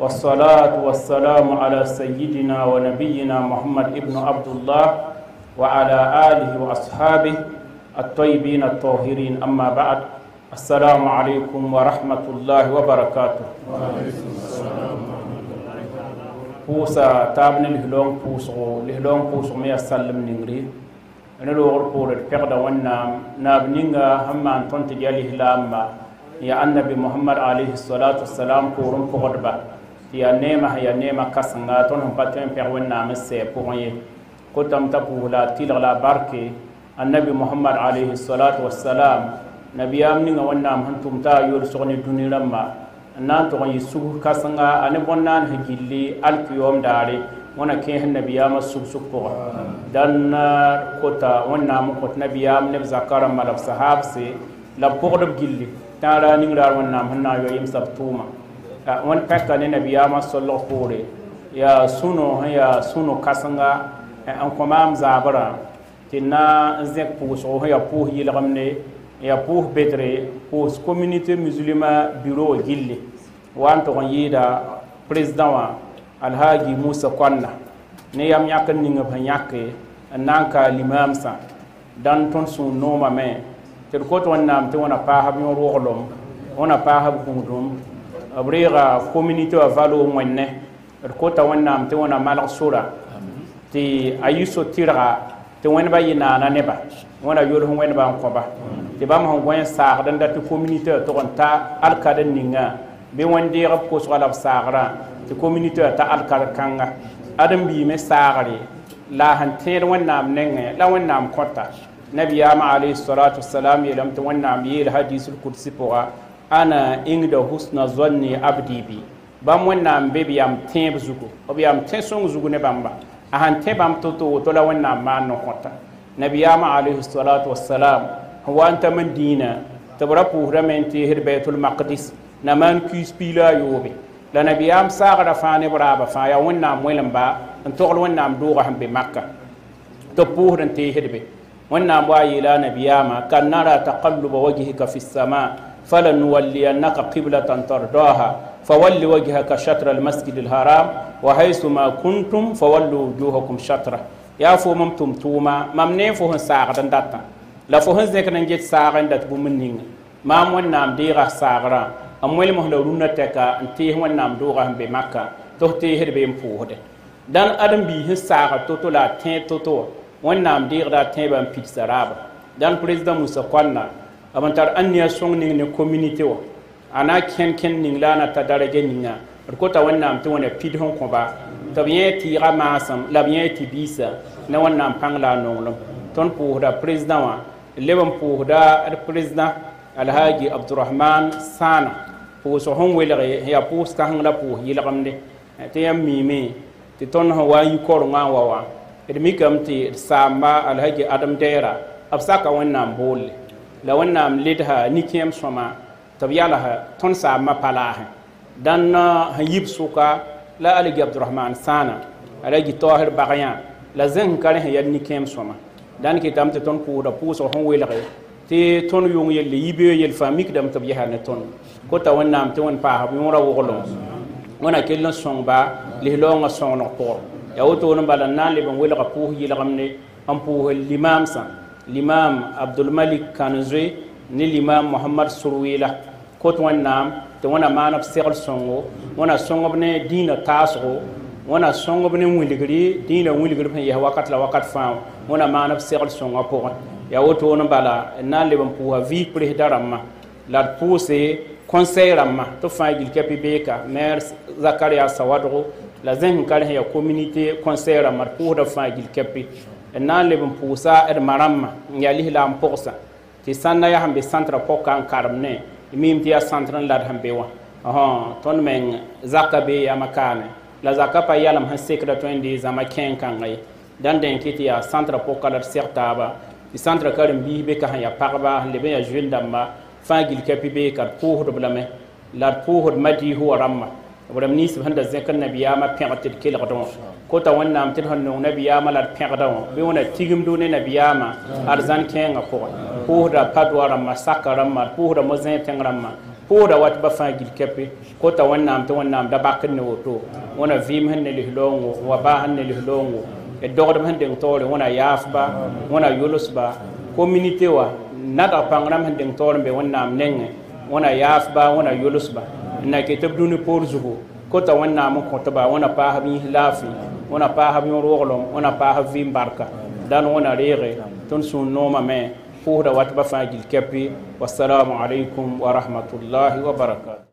والصلاة والسلام على سيدنا ونبينا محمد ابن عبد الله وعلى آله وأصحابه الطيبين الطاهرين أما بعد السلام عليكم ورحمة الله وبركاته وعليكم السلام بوسا تابن الهلون بوسو الهلون بوسو ميا سلم نغري أنا لو أقول الفقدة والنام نينغا هم أن تنتجي الهلام يا النبي محمد عليه الصلاة والسلام كورم فقدبا تيا نيما هي نيما كاسنغا تون هم باتين بيغ وين نام سي بوغي كوتام تابو لا تيل لا باركي النبي محمد عليه الصلاه والسلام نبي امني وين نام هنتم تا يور سوني دوني رما نان تون يسوغ كاسنغا اني بون نان هجيلي الف يوم داري وانا كيه النبي يام سوغ سوغ دان كوتا وين نام كوت نبي ام نب زكار مالف صحاب سي لا بوغدب جيلي تارا نيغ دار وين نام هنا يو يم سب توما Uh, wani uh, pɛka oh, ne nabiyaamã solg poore yaa sũno sẽn yaa sũno kãsenga n kõ maam zaabrã tɩ na n zẽk pʋʋsgo ya pʋʋs yɩlgemde yaa pʋʋs betre pʋʋs communauté musulima bureau gilli wa n tʋg n yɩɩda président wã alhaagi musa konna ne yam yãk n ning b sẽn yãke n na n ka limaamsã dãnd tõnd sũur noomame tɩ d kot wẽnnaam tɩ wẽna paasb yõ-roglem wẽna paasb gũudum b reega communauté wã valo wẽnne er d kota wẽnnaam tɩ wẽna malg sora tɩ a yɩ so-tɩrga tɩ wẽnba yɩ naana neba wẽna yols wẽnba n kõba tɩ bãmb sẽn goẽ saagd n da tɩ communauté wã tog n ta alkad n ninga bɩ wẽn-deeg b kosga la b saagrã tɩ communauté wã ta alkad kãnga ad n biime saagre la sẽn tẽed wẽnnaam nengẽ la wẽnnaam kõta nabiyaamã alayhi salatu wasalam yeelame tɩ wẽnnaam yeel hadisul kudsi pʋga ana ingda husna zonni abdi bi bam wẽnnaam be b yam tẽeb zugu b yam tẽ sõng zugu ne bãmba a sãn tẽ bãmb to-to woto la wẽnnaam maan n-kõta nabiyaama alayhi salatu wasalam n wa n tam n dĩinã tɩ b ra pʋʋsdame n teesd baitul maqdis na maan kuis piila a yoobe la nabiyaam saagrã fãa neb raaba fãa yaa wẽnnaam wẽlemba n togl wẽnnaam doogã sẽn be maka tɩ b pʋʋsd n teesd be wẽnnaam wa a yeela a nabiyaama kad nara taqalluba wajhika fi sama Falan waleya na ka ƙibla tantara. Doha fa wale wa gicaka, chataral maski na haram. Wahai suma kuntun fa wale wani joha Ya foma mutum tu ma. Mamne fo ni saɣa da nda ta. Lafo zai kane nje saɣa nda ta kuma min hiŋ. Mam wani na am dira a saɣara. A mwani muhla wani ne tɛ ka. Nta tehi wani na am dora a bɛ maka. Toho Dan Adam biye ni saɣa to-to la tin to-to. Wani na am dira tin ba npi Dan president Musa Konna. aban tar anniya song ning ne community wa ana ken ken ning la na ta darage ninga ko ta wannan amti wani pid hon ko ba ta biye ti ramasam la biye ti bisa na wannan pangla la no ton ko da president wa leban ko da president alhaji abdurrahman sana ko so hon welare ya pour ka hon la pour yilamde te yam me ti ton ho wa yi kor ma wa wa edmi kam ti sama alhaji adam dera afsaka wannan bolle لونام لدها نيكيم سوما تبيالها تنسى ما بلاه دان هيب سوكا لا علي عبد الرحمن سانا علي طاهر بغيان لازم كاره هي نيكيم سوما دان كي تام تون كو دا بوس هون ويلغ تي تون يون يل يبي يل دام تبيها نتون كو تا ونام تون باه مورا وغلو ونا كيلن سون با لي لونغ سون نقور ياوتو نمبالا نان لي بن ويلغ بوه يلغمني ام بوه الامام سان l'imam abdulmalik kanzoe ne l'imam mohamad surwila kot wẽnnaam tɩ wẽna maan b segl sõngo wẽna sõngb ne dĩinã taasgo wẽna sõngb ne wilgri dĩinã wilgr sẽn yɛs wakat la wakat fãa wẽna maan b segl sõngã pʋgẽ yaa wotone bala n na n leb n pʋʋsa vɩɩg presda rãmbã la d pʋʋse conseil rãmbã tɩ b fãa gilkɛpɩ beeka maire zakaria sawadgo la zẽsẽn ka sẽn yaa communauté conseil rãmbã d pʋʋsda fãa gilkɛpɩ d na n leb n pʋʋsa d marãmbã n yaa lislaam pʋgsa tɩ sãnda yaa sẽn be sãntrã pɔka n karem ne miim tɩ yaa sãntr n la d sẽn be wã tõnd meng zakã bee yama kaame la zakã pa yɛlem sẽn sekda tõe n dee zãma kẽen kãnga ye dãn dẽn kɩ tɩ yaa sãntrã pʋka la d seg taaba tɩ sãntrã ka rẽn-biis be ka sẽn yaa pagba sẽn leb n yaa zoel dãmba fãa gil ka pi bee ka d pʋʋsd b lame la d pʋʋsd madiis wa rãmba b rãmb nins b sẽn da zẽk n nabiyaamã pẽgd tɩ d kelgdẽ wã kota wẽnnaam tɩ d sẽn nong nabiyaamã la d pẽgda wã bɩ wẽna tigimdo ne nabiyaamã ad zãn kẽengã pʋgẽ pʋʋsda padoa rãmbã saka rãmbã d pʋʋsda mozẽ tẽng rãmbã pʋʋsda wat ba fãa gil kɛpe kota wẽnnaam tɩ wẽnnaam da bakd ne woto wẽna vɩɩm sẽn ne lislongo wa baa sẽn ne lislongo d dogdm sẽn deng taoore wẽna yaafba wẽna yʋlsba communité wa nadg pãng rãmb sẽn deng taoor n be wẽnnaam nengẽ wẽna yaafba wẽna yʋlsba na ke tɩ b dũni poor zugu kota wẽnnaam n kõ tɩ ba wẽna paasb yislaafɩ wẽna paasb yõ-rooglem wẽna paasb vɩɩm barka dãn wẽna reege tõnd sũur noomame pʋʋsda wa tɩ ba fãa gil kɛpɩ wasalamu alaikum wa rahmatullahi wa barakatu